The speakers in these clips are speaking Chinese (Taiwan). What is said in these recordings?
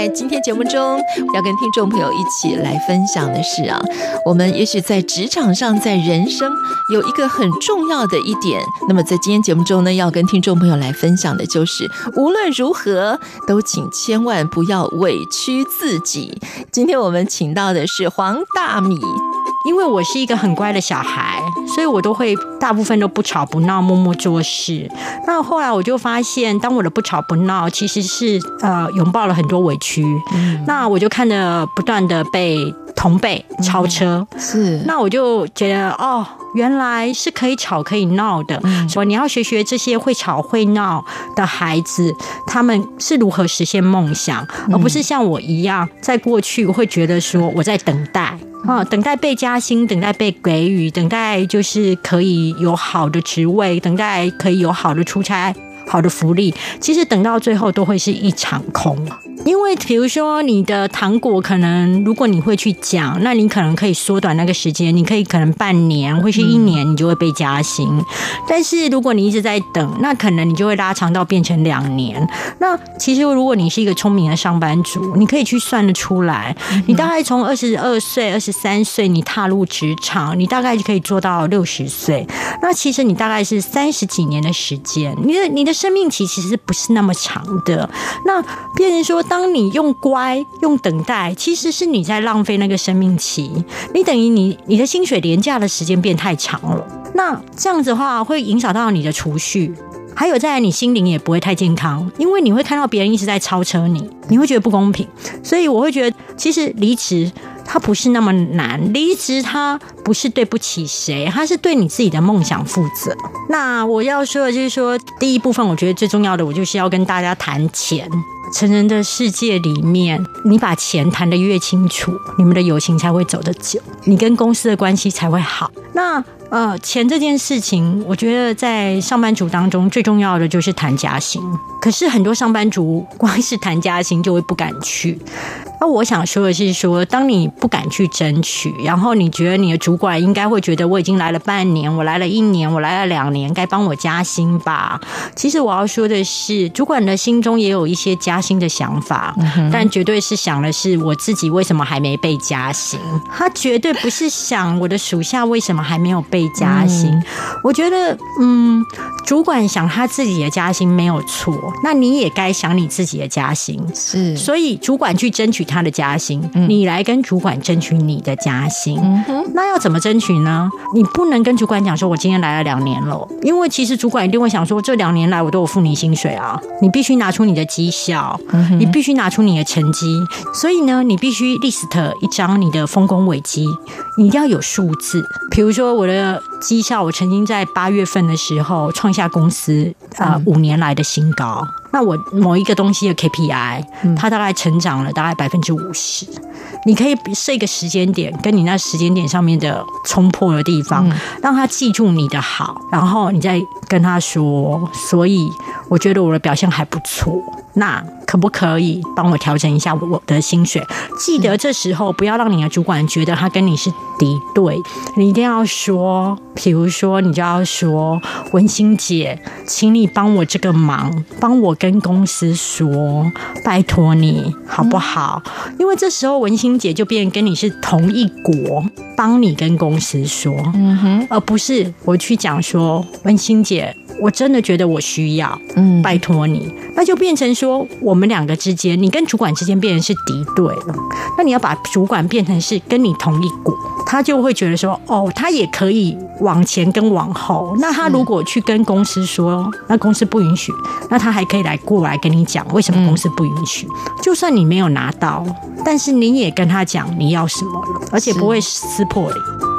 在今天節目中，要跟聽眾朋友一起來分享的是啊，我們也許在職場上，在人生有一個很重要的一點。那麼在今天節目中呢，要跟聽眾朋友來分享的就是，無論如何都請千萬不要委屈自己。今天我們請到的是黃大米，因為我是一個很乖的小孩。所以我都會大部分都不吵不鬧，默默做事。那後來我就發現，當我的不吵不鬧，其實是呃，擁抱了很多委屈。那我就看着不斷的被。同輩超車、嗯、是，那我就覺得哦，原來是可以吵可以鬧的。說、嗯、你要學學這些會吵會鬧的孩子，他們是如何實現夢想、嗯，而不是像我一樣，在過去我會覺得說我在等待啊、嗯，等待被加薪，等待被給予，等待就是可以有好的職位，等待可以有好的出差、好的福利。其實等到最後都會是一場空。因為，比如說你的糖果，可能如果你會去講，那你可能可以縮短那個時間，你可以可能半年或是一年，你就會被加薪。嗯。但是如果你一直在等，那可能你就會拉長到變成兩年。那其實如果你是一個聰明的上班族，你可以去算得出來，嗯。你大概從二十二歲、二十三歲你踏入職場，你大概就可以做到六十歲。那其實你大概是三十幾年的時間，你的你的生命期其實不是那麼長的。那變成說。當你用乖，用等待，其實是你在浪費那個生命期。你等於你你的薪水廉價的時間變太長了。那這樣子的話，會影響到你的儲蓄，還有再來，你心靈也不會太健康，因為你會看到別人一直在超車你，你會覺得不公平。所以我會覺得，其實離職它不是那麼難，離職它不是對不起誰，它是對你自己的夢想負責。那我要說的就是說，第一部分我覺得最重要的，我就是要跟大家談錢。成人的世界裡面，你把錢談得越清楚，你們的友情才會走得久，你跟公司的關係才會好。那呃，錢這件事情，我覺得在上班族當中最重要的就是談加薪。可是很多上班族光是談加薪就會不敢去。那我想說的是說，說當你不敢去爭取，然後你覺得你的主管應該會覺得，我已經來了半年，我來了一年，我來了兩年，該幫我加薪吧。其實我要說的是，主管的心中也有一些加薪的想法，嗯、但絕對是想的是我自己為什麼還沒被加薪。他絕對不是想我的屬下為什麼還沒有被加薪。 我覺得，嗯。主管想他自己的加薪沒有錯，那你也該想你自己的加薪是，所以主管去爭取他的加薪，嗯、你來跟主管爭取你的加薪，嗯哼。那要怎麼爭取呢？你不能跟主管講說：“我今天來了兩年了。”因為其實主管一定會想說：“這兩年來我都有付你薪水啊。”你必須拿出你的績效，你必須拿出你的成績，嗯，所以呢，你必須 list 一張你的豐功偉績，你一定要有數字。比如說我的績效，我曾經在八月份的時候創下家公司啊，五年來的新高。那我某一個東西的 KPI，它、嗯、大概成長了大概百分之五十，你可以設一個時間點，跟你那時間點上面的衝破的地方、嗯，讓他記住你的好，然後你再跟他說。所以我覺得我的表現還不錯，那可不可以幫我調整一下我的薪水？記得這時候不要讓你的主管覺得他跟你是敵對，你一定要說，比如說你就要說，文心姐，請你幫我這個忙，幫我。跟公司說，拜託你，好不好？嗯。因為這時候文清姐就變成跟你是同一國，幫你跟公司說。嗯哼，而不是我去講說文清姐。我真的覺得我需要，嗯，拜託你，那就變成說我們兩個之間，你跟主管之間變成是敵對了。那你要把主管變成是跟你同一國，他就會覺得說，哦，他也可以往前跟往後。那他如果去跟公司說，那公司不允許，那他還可以來過來跟你講為什麼公司不允許。就算你沒有拿到，但是你也跟他講你要什麼了，而且不會撕破臉。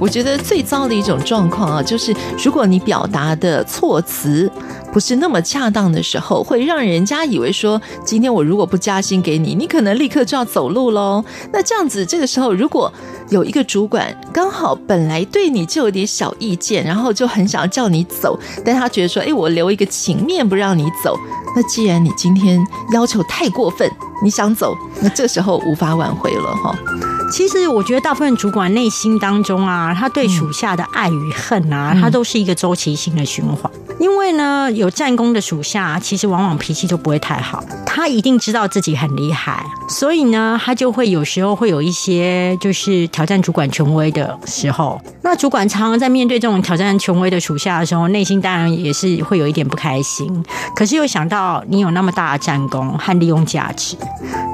我覺得最糟的一種狀況啊，就是如果你表達的措辭不是那麼恰當的時候，會讓人家以為說，今天我如果不加薪給你，你可能立刻就要走路嘍。那這樣子，這個時候如果有一個主管剛好本來對你就有點小意見，然後就很想叫你走，但他覺得說，誒，我留一個情面不讓你走。那既然你今天要求太過分，你想走，那這時候無法挽回了哈。其實我覺得大部分主管內心當中啊，他對屬下的愛與恨啊，他，嗯，都是一個週期性的循環，嗯。因為呢，有戰功的屬下，其實往往脾氣就不會太好。他一定知道自己很厲害，所以呢，他就會有時候會有一些就是挑戰主管權威的時候。那主管常常在面對這種挑戰權威的屬下的時候，內心當然也是會有一點不開心。可是又想到你有那麼大的戰功和利用價值，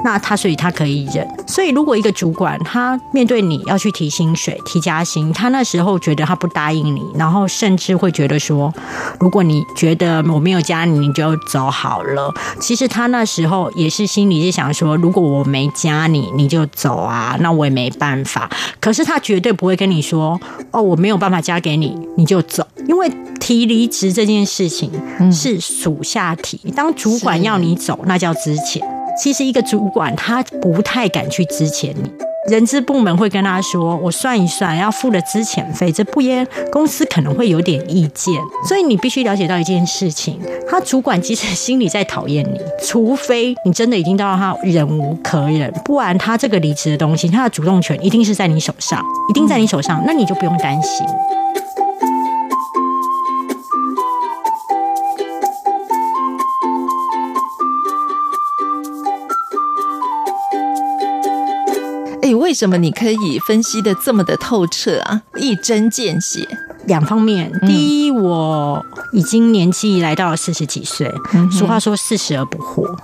那他所以他可以忍。所以如果一個主管他面對你要去提薪水、提加薪，他那時候覺得他不答應你，然後甚至會覺得說，如果你覺得我沒有加你，你就走好了。其實他那時候也是心裡是想說，如果我沒加你，你就走啊，那我也沒辦法。可是他絕對不會跟你說。哦，我沒有辦法加給你，你就走。因為提離職這件事情是屬下提，嗯，當主管要你走，那叫值錢。其實一個主管他不太敢去資遣，你人資部門會跟他說，我算一算要付的資遣費，這不耶，公司可能會有點意見，所以你必須了解到一件事情，他主管其實心裡在討厭你，除非你真的已經到他忍無可忍，不然他這個離職的東西，他的主動權一定是在你手上，一定在你手上，那你就不用擔心。你為什麼你可以分析得這麼的透徹啊？一針見血。兩方面，第一，我已經年紀來到了四十幾歲，嗯、俗話說四十而不惑，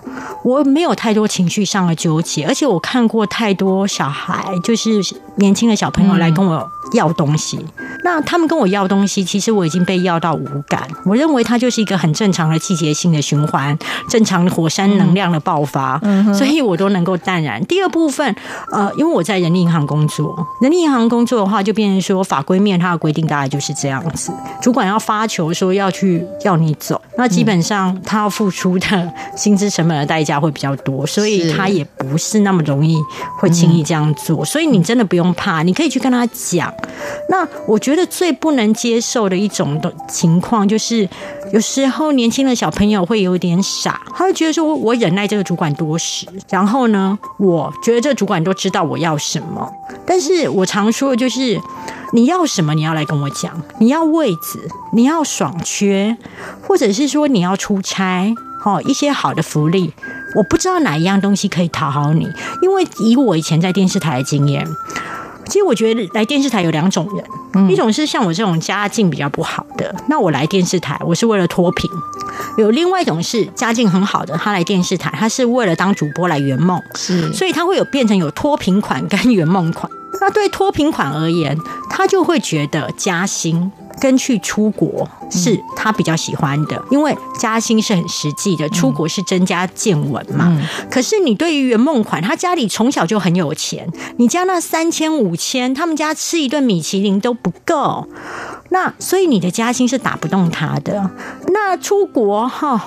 我沒有太多情緒上的糾結，而且我看過太多小孩，就是。年輕的小朋友來跟我要東西，那他們跟我要東西。其實我已經被要到無感。我認為它就是一個很正常的季節性的循環，正常的火山能量的爆發，所以我都能夠淡然。第二部分，呃，因為我在人力銀行工作，人力銀行工作的話，就變成說法規面它的規定大概就是這樣子。主管要發球說要去要你走，那基本上他要付出的薪資成本的代價會比較多，所以他也不是那麼容易會輕易這樣做。所以你真的不用怕，你可以去跟他講。那我覺得最不能接受的一種情況，就是有時候年輕的小朋友會有點傻，他會覺得說我忍耐這個主管多時，然後呢，我覺得這個主管都知道我要什麼。但是我常說的就是，你要什麼你要來跟我講，你要位置，你要爽缺，或者是說你要出差。哦，一些好的福利，我不知道哪一樣東西可以討好你，因為以我以前在電視台的經驗，其實我覺得來電視台有兩種人，嗯，一種是像我這種家境比較不好的，那我來電視台我是為了脫貧；有另外一種是家境很好的，他來電視台他是為了當主播來圓夢，是，所以他會有變成有脫貧款跟圓夢款。那對脫貧款而言，他就會覺得加薪。跟去出國是他比較喜歡的，嗯、因為加薪是很實際的、嗯，出國是增加見聞嘛、嗯。可是你對於圓夢款，他家裡從小就很有錢，你加那三千五千，他們家吃一頓米其林都不夠。那所以你的加薪是打不動他的。嗯、那出國哈、哦，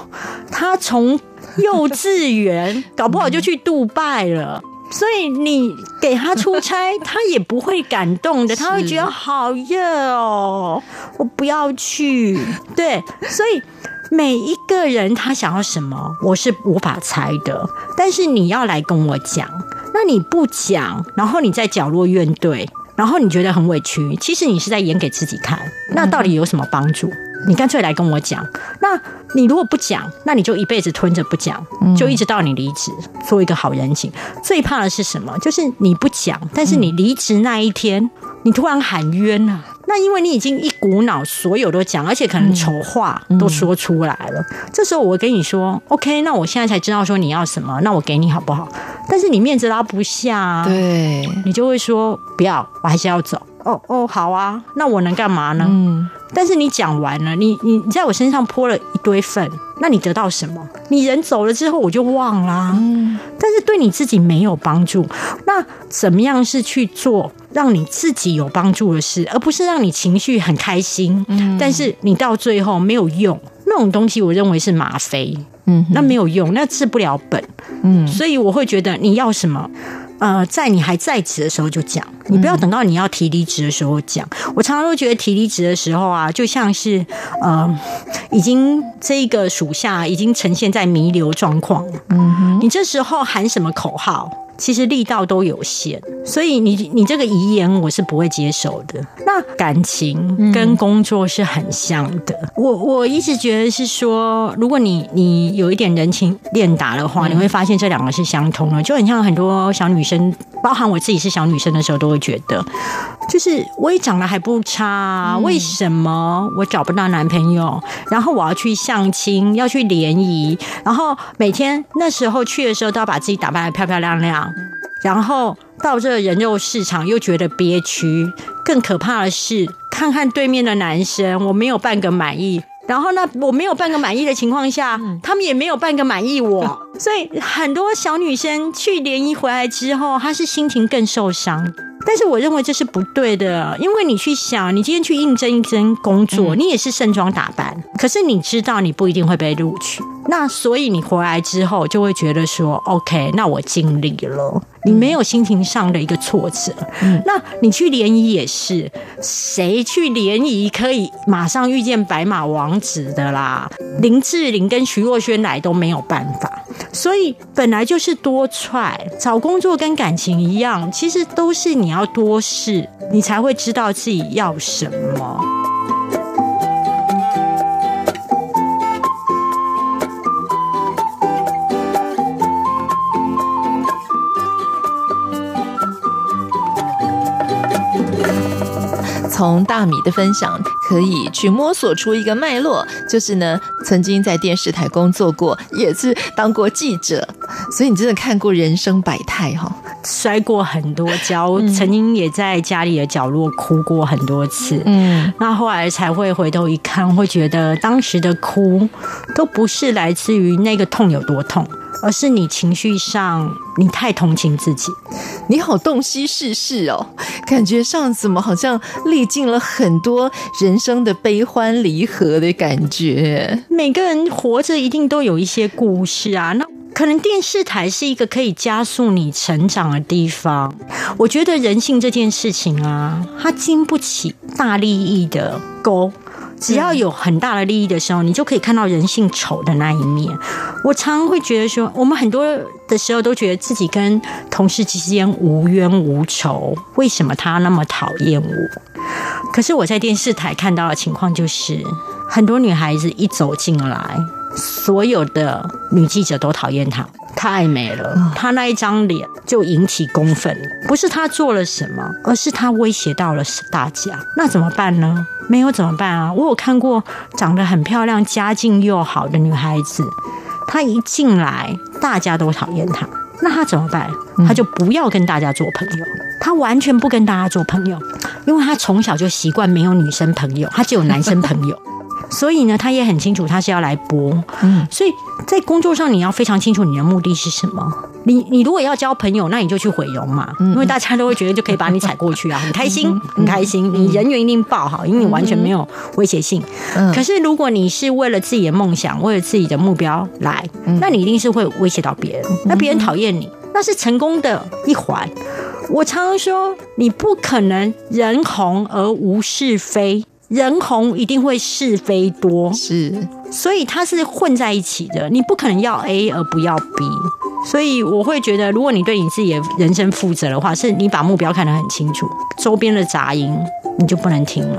他從幼稚園 搞不好就去杜拜了。所以你給他出差，他也不會感動的，他會覺得好熱哦，我不要去。對，所以每一個人他想要什麼，我是無法猜的。但是你要來跟我講，那你不講，然後你在角落怨懟。然後你覺得很委屈，其實你是在演給自己看。那到底有什麼幫助？你乾脆來跟我講。那你如果不講，那你就一輩子吞着不講，就一直到你離職，做一個好人情。最怕的是什麼？就是你不講，但是你離職那一天，你突然喊冤啊！那因為你已經一股腦所有都講，而且可能醜話都說出來了。嗯嗯、這時候我會跟你說，OK，那我現在才知道說你要什麼，那我給你好不好？但是你面子拉不下，對你就會說不要，我還是要走。哦哦，好啊，那我能幹嘛呢？嗯但是你講完了，你你在我身上潑了一堆糞，那你得到什麼？你人走了之後我就忘了，但是對你自己沒有幫助。那怎麼樣是去做讓你自己有幫助的事，而不是讓你情緒很開心？但是你到最後沒有用，那種東西我認為是嗎啡。嗯。那沒有用，那治不了本。嗯。所以我會覺得你要什麼？呃，在你還在職的時候就講，你不要等到你要提離職的時候講。嗯。我常常都覺得提離職的時候啊，就像是呃，已經這個屬下已經呈現在彌留狀況了。嗯哼，你這時候喊什麼口號？其實力道都有限，所以你，你這個遺言我是不會接受的。那感情跟工作是很像的，嗯、我我一直覺得是說，如果你你有一點人情練達的話，你會發現這兩個是相通的、嗯。就很像很多小女生，包含我自己是小女生的時候，都會覺得。就是我也長得還不差啊，為什麼我找不到男朋友？然後我要去相親，要去聯誼，然後每天那時候去的時候都要把自己打扮得漂漂亮亮，然後到這人肉市場又覺得憋屈。更可怕的是，看看對面的男生，我沒有半個滿意。然後呢，我沒有半個滿意的情況下，他們也沒有半個滿意我。所以很多小女生去聯誼回來之後，她是心情更受傷。但是我認為這是不對的，因為你去想，你今天去應徵一份工作，嗯，你也是盛裝打扮，可是你知道你不一定會被錄取。那所以你回來之後就會覺得說，OK，那我盡力了，你沒有心情上的一個挫折。那你去聯誼也是，誰去聯誼可以馬上遇見白馬王子的啦？林志玲跟徐若瑄來都沒有辦法，所以本來就是多踹。找工作跟感情一樣，其實都是你要多試，你才會知道自己要什麼。從大米的分享可以去摸索出一個脈絡，就是呢，曾經在電視台工作過，也是當過記者，所以你真的看過人生百態哈，摔過很多跤，嗯，曾經也在家裡的角落哭過很多次，嗯，那後來才會回頭一看，會覺得當時的哭都不是來自於那個痛有多痛。而是你情緒上，你太同情自己，你好洞悉世事哦，感覺上怎麼好像歷盡了很多人生的悲歡離合的感覺。每個人活着一定都有一些故事啊，那可能電視台是一個可以加速你成長的地方。我覺得人性這件事情啊，它經不起大利益的勾。只要有很大的利益的時候，你就可以看到人性醜的那一面。我常會覺得說，我們很多的時候都覺得自己跟同事之間無冤無仇，為什麼他那麼討厭我？可是我在電視台看到的情況就是，很多女孩子一走進來，所有的女記者都討厭她，太美了，她那一張臉就引起公憤。不是她做了什麼，而是她威脅到了大家。那怎麼辦呢？沒有怎麼辦啊？我有看過長得很漂亮、家境又好的女孩子，她一進來，大家都討厭她。那她怎麼辦？嗯。她就不要跟大家做朋友，她完全不跟大家做朋友，因為她從小就習慣沒有女生朋友，她只有男生朋友。 所以呢，他也很清楚他是要來搏。所以在工作上你要非常清楚你的目的是什麼。你你如果要交朋友，那你就去毀容嘛，因為大家都會覺得就可以把你踩過去啊，很開心很開心。你人緣一定爆好，因為你完全沒有威脅性。可是如果你是為了自己的夢想，為了自己的目標來，那你一定是會威脅到別人。那別人討厭你，那是成功的一環。我常常說，你不可能人紅而無是非。人紅一定會是非多，是，所以它是混在一起的。你不可能要 A 而不要 B，所以我會覺得，如果你對你自己的人生負責的話，是你把目標看得很清楚，周邊的雜音你就不能聽了。